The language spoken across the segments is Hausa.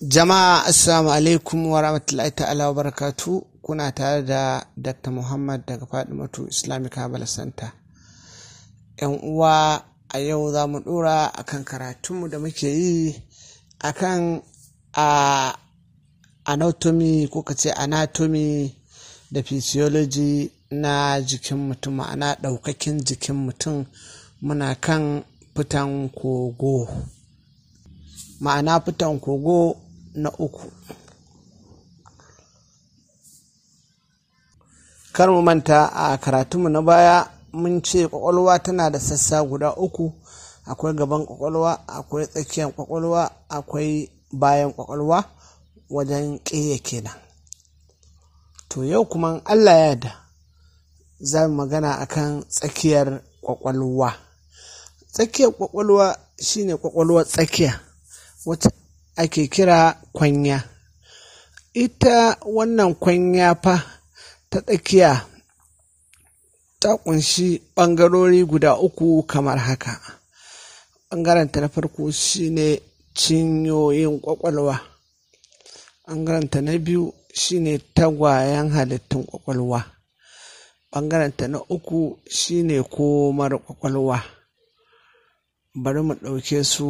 Jama'a Assalamu alaikum wa rahmatullahi ta'ala wa barakatu kuna tare da Dr. Muhammad daga Fadimatu Islamic Herbal Center. ‘Yan uwa a yau za mu ɗora a kan karatunmu da muke yi a kan anatomy ko ka ce anatomy da physiology na jikin mutum ma'ana ɗaukakin jikin mutum muna kan fitan kogo. ma'ana fitan kogo na uku kar mu manta a karatunmu na baya mun ce kwakwalwa tana da sassa guda uku akwai gaban kwakwalwa akwai tsakiyar kwakwalwa akwai bayan kwakwalwa wajen ƙeya kenan to yau kuma allah ya da za mu magana akan tsakiyar kwakwalwa tsakiyar kwakwalwa shine kwakwalwar tsakiya wacce ake kira kwanya ita wannan kwanya fa ta tsakiya ta kunshi ɓangarori guda uku kamar haka ɓangaranta na farko shine cinyoyin ƙwaƙwalwa ɓangaranta na biyu shine tagwayen halittun ƙwaƙwalwa ɓangaranta na uku shine komar ƙwaƙwalwa bari mu ɗauke su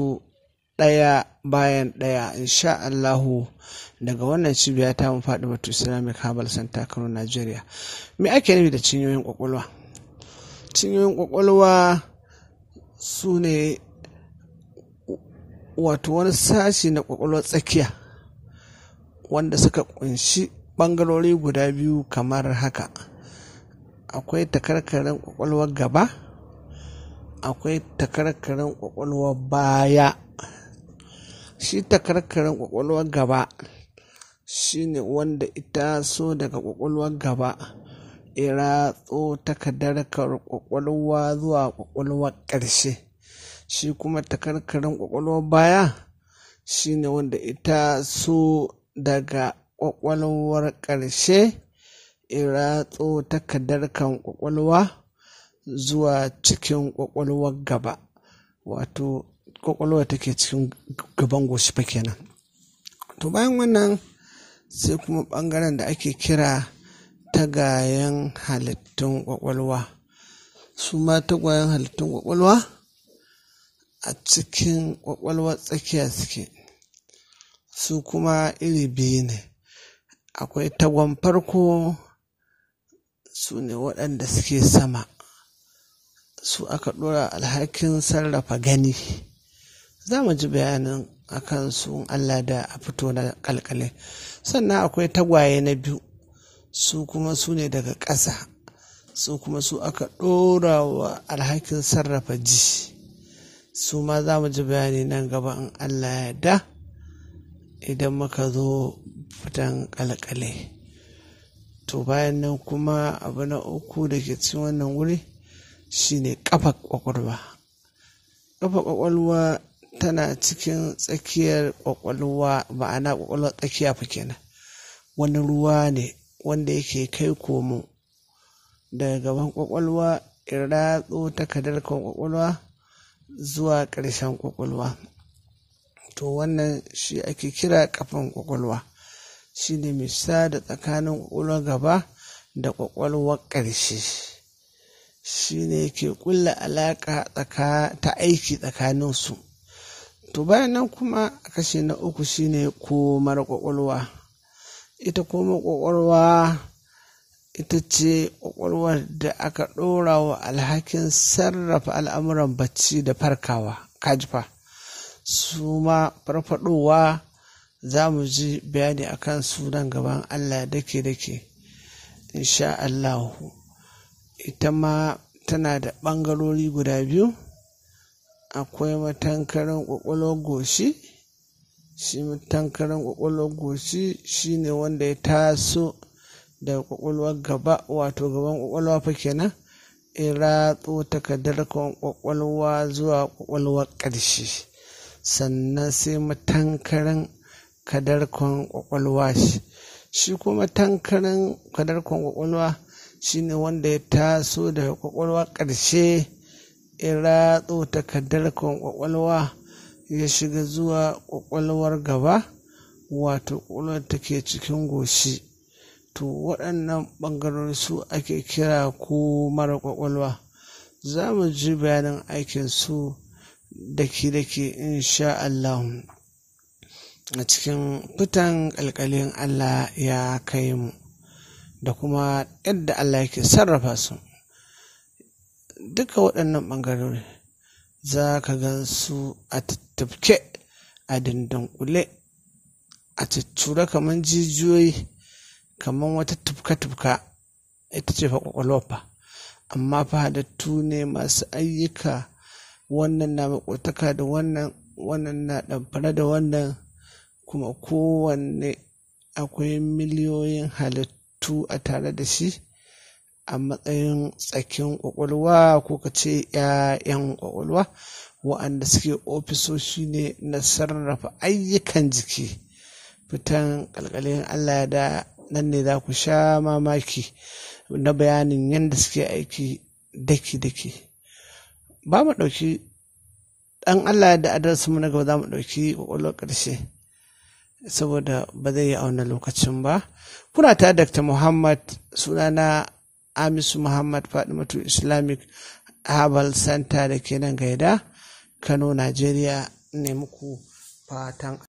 ɗaya bayan ɗaya insha Allahu daga wannan cibiya ta mun faɗi batu Islamic Herbal Center Kano Nigeria. Me ake nufi da cinyoyin kwakwalwa? Cinyoyin kwakwalwa su ne wato wani sashi na kwakwalwar tsakiya wanda suka kunshi ɓangarori guda biyu kamar haka. Akwai takarkarin kwakwalwar gaba, akwai takarkarin kwakwalwar baya. shi takarkarin kwakwalwar gaba Shi ne wanda ita so daga kwakwalwar gaba Iratso ratso takarkar kwakwalwa zuwa kwakwalwar ƙarshe shi kuma takarkarin kwakwalwar baya Shi ne wanda ita so daga kwakwalwar ƙarshe Iratso ratso takarkar kwakwalwa zuwa cikin kwakwalwar gaba wato kwakwalwa take cikin gaban goshi kenan to bayan wannan sai kuma bangaren da ake kira tagayen halittun kwakwalwa su ma tagayen halittun kwakwalwa a cikin kwakwalwa tsakiya suke su kuma iri biyu ne akwai tagon farko su ne waɗanda suke sama su aka ɗora alhakin sarrafa gani za mu ji bayanin akan su Allah da a fito na kalkale sannan akwai tagwaye na biyu su kuma su ne daga ƙasa su kuma su aka ɗora wa alhakin sarrafa ji su ma za mu ji bayani nan gaba in Allah ya da idan muka zo fitan kalkale to bayan nan kuma abu na uku da ke cikin wannan wuri shine kafa kwakwalwa kafa kwakwalwa tana cikin tsakiyar kwakwalwa ma'ana kwakwalwar tsakiya fa kenan wani ruwa ne wanda yake kai komo daga gaban kwakwalwa ratso takardar kwakwalwa zuwa ƙarshen kwakwalwa to wannan shi ake kira kafan kwakwalwa shi ne misa da tsakanin kwakwalwar gaba da kwakwalwar ƙarshe shi ne ke ƙulla alaƙa ta aiki tsakaninsu to bayan nan kuma kashi na uku shine komar kwakwalwa ita komar kwakwalwa ita ce kwakwalwar da aka ɗora wa alhakin sarrafa al'amuran bacci da farkawa kajifa su ma farfadowa za mu ji bayani a kan sunan gaban allah dake dake insha allahu ita ma tana da ɓangarori guda biyu akwai matankaran ƙwaƙwalwar goshi shi matankaran ƙwaƙwalwar goshi shine wanda ya taso da ƙwaƙwalwar gaba wato gaban ƙwaƙwalwa fa kenan in ratso takardar ƙwaƙwalwa zuwa ƙwaƙwalwar ƙarshe sannan sai matankaran kadarkon ƙwaƙwalwa shi shi kuma tankaran kadarkon ƙwaƙwalwa shine wanda ya taso da ƙwaƙwalwar ƙarshe ya ratso takardar kwakwalwa ya shiga zuwa kwakwalwar gaba wato kwakwalwar take cikin goshi to waɗannan ɓangarori su ake kira ko mara kwakwalwa za mu ji bayanin aikin su daki-daki insha Allah a cikin fitan alkalin Allah ya kai mu da kuma yadda Allah yake sarrafa su. duka waɗannan ɓangarori za ka gan su a tattafke a dindankule a cicture kamar jijiyoyi kamar wata tufka-tufka ita ce fa kwakwalwa amma fa halittu ne masu ayyuka wannan na makwataka da wannan wannan na ɗamfara da wannan kuma kowanne akwai miliyoyin halittu a tare da shi a matsayin tsakin kwakwalwa ko ka ce 'ya'yan kwakwalwa wa'anda suke ofisoshi ne na sarrafa ayyukan jiki fitan kalkalin allah da nan ne za ku sha mamaki na bayanin yadda suke aiki daki-daki ba mu ɗauki ɗan allah da adarsu mu na gaba za mu ɗauki kwakwalwa ƙarshe saboda ba zai yi auna lokacin ba kuna ta dr muhammad sunana amisu muhammad fadimatu islamic herbal center da ke nan gaida kano nigeria ne muku fatan